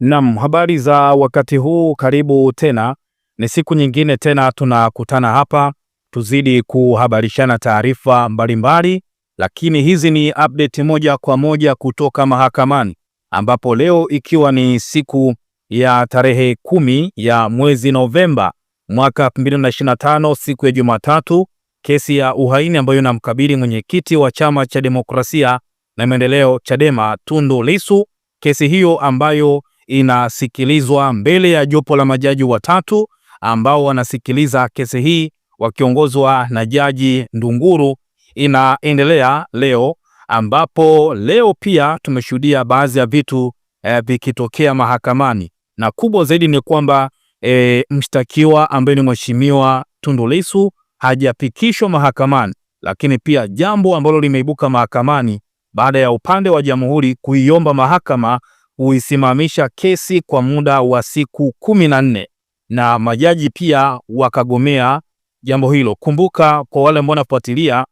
nam habari za wakati huu, karibu tena. Ni siku nyingine tena tunakutana hapa tuzidi kuhabarishana taarifa mbalimbali, lakini hizi ni update moja kwa moja kutoka mahakamani, ambapo leo ikiwa ni siku ya tarehe kumi ya mwezi Novemba mwaka 2025 siku ya Jumatatu, kesi ya uhaini ambayo inamkabili mwenyekiti wa Chama cha Demokrasia na Maendeleo, Chadema, Tundu Lissu, kesi hiyo ambayo inasikilizwa mbele ya jopo la majaji watatu ambao wanasikiliza kesi hii wakiongozwa na Jaji Ndunguru inaendelea leo, ambapo leo pia tumeshuhudia baadhi ya vitu eh, vikitokea mahakamani na kubwa zaidi ni kwamba eh, mshtakiwa ambaye ni Mheshimiwa Tundu Lissu hajafikishwa mahakamani, lakini pia jambo ambalo limeibuka mahakamani baada ya upande wa jamhuri kuiomba mahakama huisimamisha kesi kwa muda wa siku kumi na nne na majaji pia wakagomea jambo hilo. Kumbuka kwa wale ambao wanafuatilia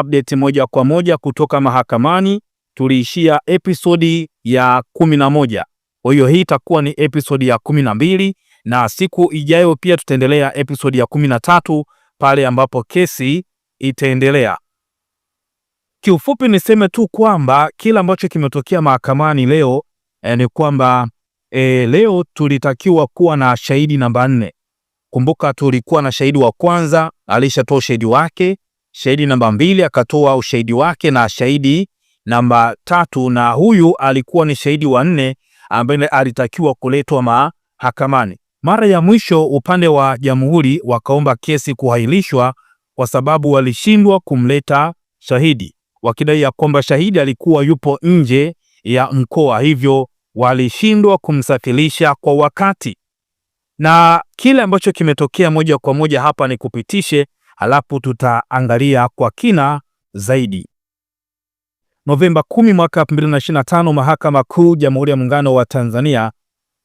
update moja kwa moja kutoka mahakamani, tuliishia episodi ya kumi na moja. Kwa hiyo hii itakuwa ni episodi ya kumi na mbili na siku ijayo pia tutaendelea episodi ya kumi na tatu pale ambapo kesi itaendelea. Kiufupi niseme tu kwamba kila ambacho kimetokea mahakamani leo Eh, ni kwamba e, leo tulitakiwa kuwa na shahidi namba nne. Kumbuka tulikuwa na shahidi wa kwanza alishatoa ushahidi wake, shahidi namba mbili akatoa ushahidi wake na shahidi namba tatu, na huyu alikuwa ni shahidi wa nne ambaye alitakiwa kuletwa mahakamani. Mara ya mwisho upande wa jamhuri wakaomba kesi kuhailishwa kwa sababu walishindwa kumleta shahidi wakidai ya kwamba shahidi alikuwa yupo nje ya mkoa, hivyo walishindwa kumsafirisha kwa wakati, na kile ambacho kimetokea moja kwa moja hapa ni kupitishe, alafu tutaangalia kwa kina zaidi. Novemba 10 mwaka 2025, Mahakama Kuu Jamhuri ya Muungano wa Tanzania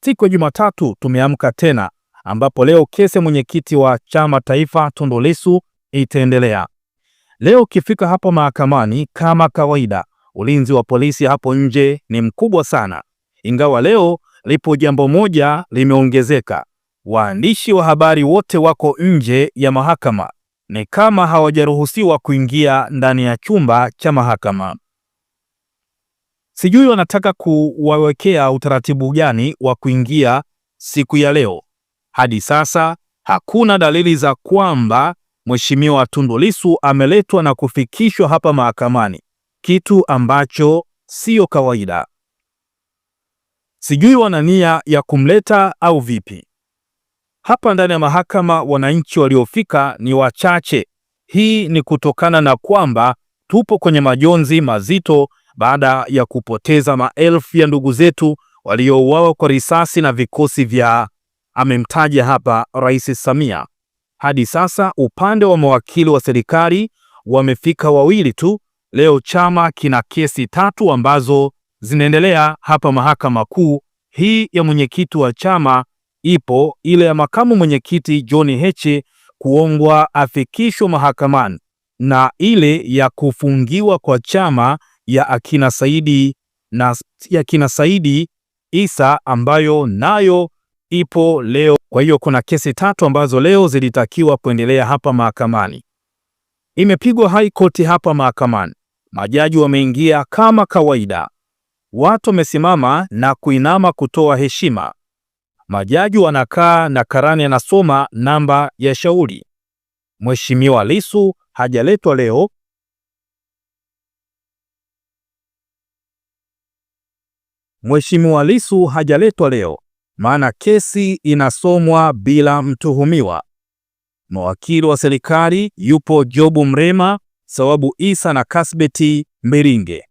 siku ya Jumatatu tumeamka tena, ambapo leo kesi mwenyekiti wa chama taifa Tundu Lissu itaendelea. Leo ukifika hapa mahakamani kama kawaida Ulinzi wa polisi hapo nje ni mkubwa sana, ingawa leo lipo jambo moja limeongezeka: waandishi wa habari wote wako nje ya mahakama, ni kama hawajaruhusiwa kuingia ndani ya chumba cha mahakama. Sijui wanataka kuwawekea utaratibu gani wa kuingia siku ya leo. Hadi sasa hakuna dalili za kwamba Mheshimiwa Tundu Lissu ameletwa na kufikishwa hapa mahakamani kitu ambacho siyo kawaida. Sijui wana nia ya kumleta au vipi. Hapa ndani ya mahakama wananchi waliofika ni wachache. Hii ni kutokana na kwamba tupo kwenye majonzi mazito baada ya kupoteza maelfu ya ndugu zetu waliouawa kwa risasi na vikosi vya amemtaja hapa Rais Samia. Hadi sasa upande wa mawakili wa serikali wamefika wawili tu Leo chama kina kesi tatu ambazo zinaendelea hapa Mahakama Kuu. Hii ya mwenyekiti wa chama ipo, ile ya makamu mwenyekiti John Heche kuombwa afikishwe mahakamani, na ile ya kufungiwa kwa chama ya akina Saidi na ya akina Saidi Isa ambayo nayo ipo leo. Kwa hiyo kuna kesi tatu ambazo leo zilitakiwa kuendelea hapa mahakamani, imepigwa high court hapa mahakamani. Majaji wameingia kama kawaida, watu wamesimama na kuinama kutoa heshima. Majaji wanakaa na karani anasoma namba ya shauri. Mheshimiwa Lissu hajaletwa leo. Mheshimiwa Lissu hajaletwa leo, maana kesi inasomwa bila mtuhumiwa. Mawakili wa serikali yupo Jobu Mrema sababu Isa na Kasbeti Mbiringe.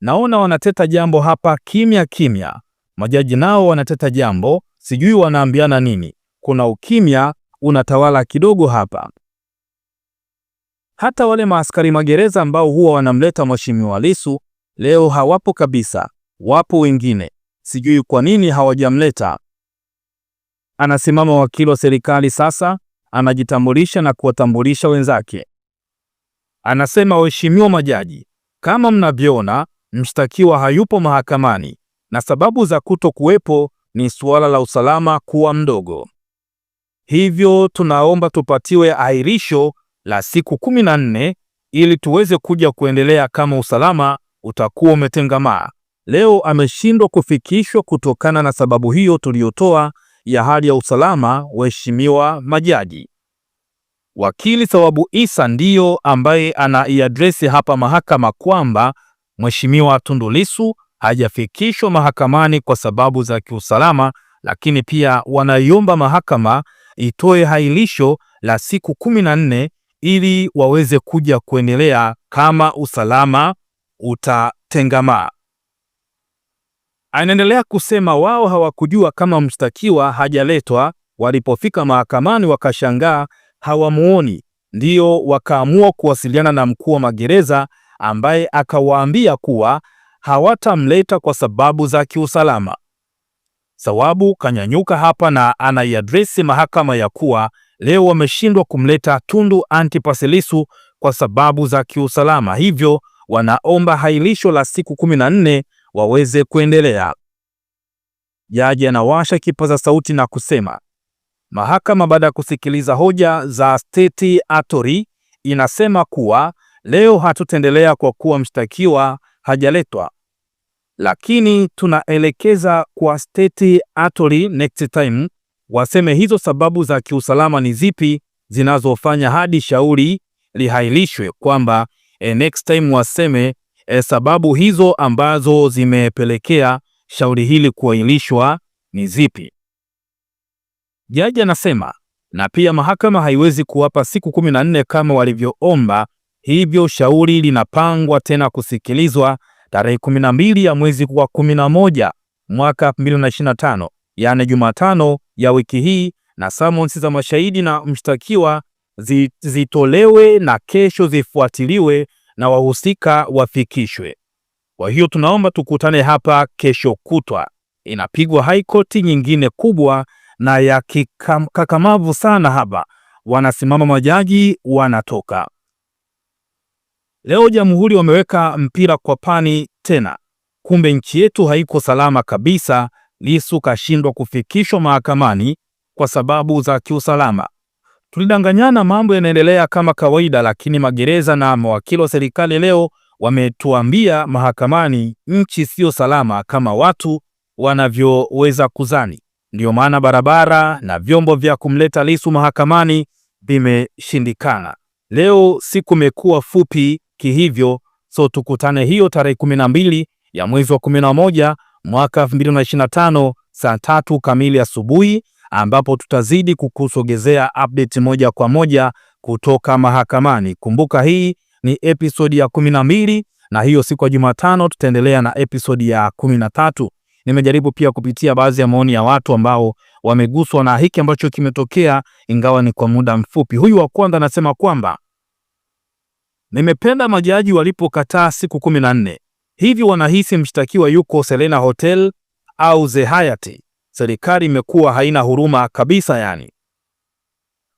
Naona wanateta jambo hapa kimya kimya, majaji nao wanateta jambo, sijui wanaambiana nini. Kuna ukimya unatawala kidogo hapa. Hata wale maaskari magereza ambao huwa wanamleta mheshimiwa lisu leo hawapo kabisa, wapo wengine, sijui kwa nini hawajamleta. Anasimama wakili wa serikali sasa, anajitambulisha na kuwatambulisha wenzake. Anasema, waheshimiwa majaji, kama mnavyoona, mshtakiwa hayupo mahakamani na sababu za kuto kuwepo ni suala la usalama kuwa mdogo, hivyo tunaomba tupatiwe ahirisho la siku kumi na nne ili tuweze kuja kuendelea kama usalama utakuwa umetengamaa. Leo ameshindwa kufikishwa kutokana na sababu hiyo tuliyotoa ya hali ya usalama, waheshimiwa majaji. Wakili Thawabu isa ndiyo ambaye anaiadresi hapa mahakama kwamba Mheshimiwa Tundu Lissu hajafikishwa mahakamani kwa sababu za kiusalama, lakini pia wanaiomba mahakama itoe hailisho la siku kumi na nne ili waweze kuja kuendelea kama usalama utatengamaa. Anaendelea kusema wao hawakujua kama mshtakiwa hajaletwa, walipofika mahakamani wakashangaa hawamuoni, ndio wakaamua kuwasiliana na mkuu wa magereza ambaye akawaambia kuwa hawatamleta kwa sababu za kiusalama. Sawabu kanyanyuka hapa na anaiadresi mahakama ya kuwa leo wameshindwa kumleta Tundu Antipas Lissu kwa sababu za kiusalama, hivyo wanaomba hailisho la siku 14 waweze kuendelea. Jaji anawasha kipaza sauti na kusema Mahakama baada ya kusikiliza hoja za State Attorney inasema kuwa leo hatutaendelea kwa kuwa mshtakiwa hajaletwa, lakini tunaelekeza kwa State Attorney next time waseme hizo sababu za kiusalama ni zipi zinazofanya hadi shauri lihailishwe, kwamba e, next time waseme e, sababu hizo ambazo zimepelekea shauri hili kuahilishwa ni zipi. Jaji anasema na pia mahakama haiwezi kuwapa siku 14 kama walivyoomba, hivyo shauri linapangwa tena kusikilizwa tarehe 12 ya mwezi wa 11 mwaka 2025, yaani Jumatano ya wiki hii, na summons za mashahidi na mshtakiwa zitolewe na kesho zifuatiliwe na wahusika wafikishwe. Kwa hiyo tunaomba tukutane hapa kesho kutwa, inapigwa high court nyingine kubwa na ya kikakamavu sana. Hapa wanasimama majaji, wanatoka. Leo Jamhuri wameweka mpira kwa pani tena, kumbe nchi yetu haiko salama kabisa. lisu kashindwa kufikishwa mahakamani kwa sababu za kiusalama. Tulidanganyana, mambo yanaendelea kama kawaida, lakini magereza na mawakili wa serikali leo wametuambia mahakamani, nchi siyo salama kama watu wanavyoweza kuzani. Ndiyo maana barabara na vyombo vya kumleta Lissu mahakamani vimeshindikana. Leo siku imekuwa fupi kihivyo, so tukutane hiyo tarehe kumi mbili ya mwezi wa kumi moja mwaka 2025 saa tatu kamili asubuhi, ambapo tutazidi kukusogezea update moja kwa moja kutoka mahakamani. Kumbuka hii ni episodi ya kumi na mbili na hiyo siku ya Jumatano tutaendelea na episodi ya kumi tatu nimejaribu pia kupitia baadhi ya maoni ya watu ambao wameguswa na hiki ambacho kimetokea, ingawa ni kwa muda mfupi. Huyu wa kwanza anasema kwamba nimependa majaji walipokataa siku kumi na nne. Hivi wanahisi mshtakiwa yuko Serena Hotel au The Hyatt? Serikali imekuwa haina huruma kabisa yani.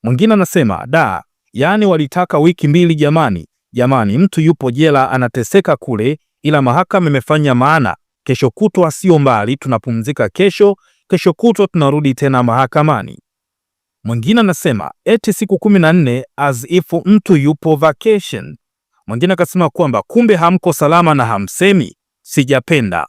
Mwingine anasema da, yani walitaka wiki mbili jamani. Jamani, mtu yupo jela anateseka kule, ila mahakama imefanya maana Kesho kutwa sio mbali, tunapumzika kesho, kesho kutwa tunarudi tena mahakamani. Mwingine anasema eti siku kumi na nne as if mtu yupo vacation. Mwingine akasema kwamba kumbe hamko salama na hamsemi sijapenda.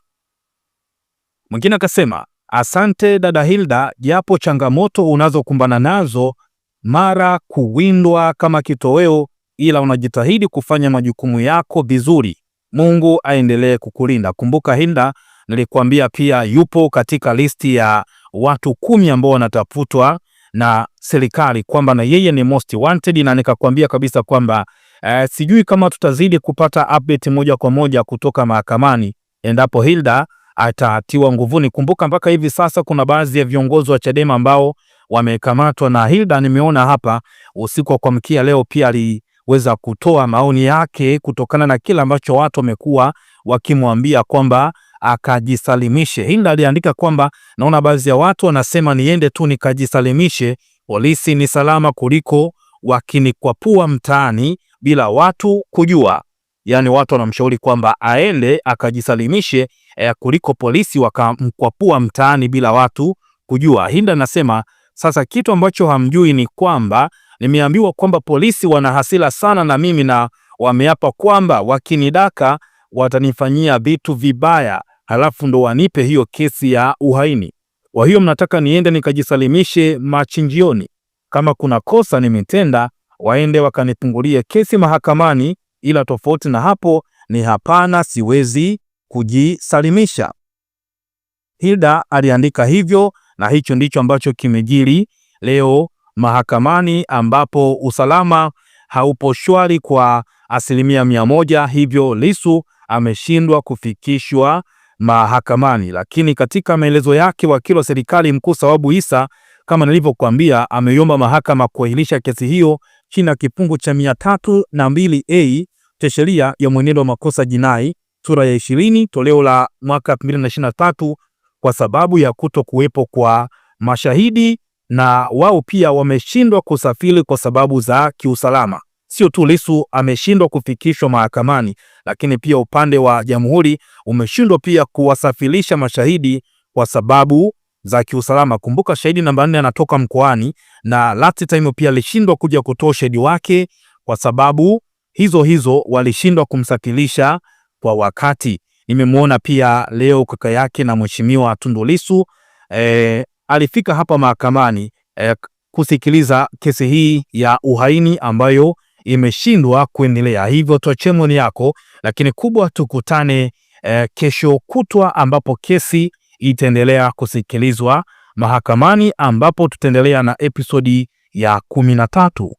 Mwingine akasema asante dada Hilda, japo changamoto unazokumbana nazo mara kuwindwa kama kitoweo, ila unajitahidi kufanya majukumu yako vizuri. Mungu aendelee kukulinda. Kumbuka Hinda nilikuambia pia yupo katika listi ya watu kumi ambao wanatafutwa na serikali kwamba na yeye ni most wanted, na nikakwambia kabisa kwamba eh, sijui kama tutazidi kupata update moja kwa moja kutoka mahakamani endapo Hilda atatiwa nguvuni. Kumbuka mpaka hivi sasa kuna baadhi ya viongozi wa Chadema ambao wamekamatwa na Hilda, nimeona hapa usiku wa kuamkia leo pia ali weza kutoa maoni yake kutokana na kile ambacho watu wamekuwa wakimwambia kwamba akajisalimishe. Hinda aliandika kwamba naona baadhi ya watu wanasema niende tu nikajisalimishe, polisi ni salama kuliko wakinikwapua mtaani bila watu kujua. Yaani watu wanamshauri kwamba aende akajisalimishe eh, kuliko polisi wakamkwapua mtaani bila watu kujua. Hinda anasema sasa, kitu ambacho hamjui ni kwamba Nimeambiwa kwamba polisi wana hasira sana na mimi na wameapa kwamba wakinidaka watanifanyia vitu vibaya, halafu ndo wanipe hiyo kesi ya uhaini. Kwa hiyo mnataka niende nikajisalimishe machinjioni? Kama kuna kosa nimetenda, waende wakanipungulie kesi mahakamani, ila tofauti na hapo ni hapana, siwezi kujisalimisha. Hilda aliandika hivyo, na hicho ndicho ambacho kimejiri leo mahakamani ambapo usalama haupo shwari kwa asilimia mia moja, hivyo Lissu ameshindwa kufikishwa mahakamani. Lakini katika maelezo yake, wakili wa serikali mkuu Sawabu Isa, kama nilivyokuambia, ameiomba mahakama kuahirisha kesi hiyo chini ya kifungu cha 302A cha sheria ya mwenendo wa makosa jinai sura ya 20 toleo la mwaka 2023 kwa sababu ya kuto kuwepo kwa mashahidi na wao pia wameshindwa kusafiri kwa sababu za kiusalama. Sio tu Lissu ameshindwa kufikishwa mahakamani, lakini pia upande wa jamhuri umeshindwa pia kuwasafirisha mashahidi kwa sababu za kiusalama. Kumbuka shahidi namba nne anatoka mkoani na last time pia alishindwa kuja kutoa ushahidi wake kwa sababu hizo hizo, walishindwa kumsafirisha kwa wakati. Nimemwona pia leo kaka yake na mheshimiwa Tundu Lissu eh, alifika hapa mahakamani eh, kusikiliza kesi hii ya uhaini ambayo imeshindwa kuendelea. Hivyo tuachie maoni yako, lakini kubwa tukutane eh, kesho kutwa ambapo kesi itaendelea kusikilizwa mahakamani ambapo tutaendelea na episodi ya kumi na tatu.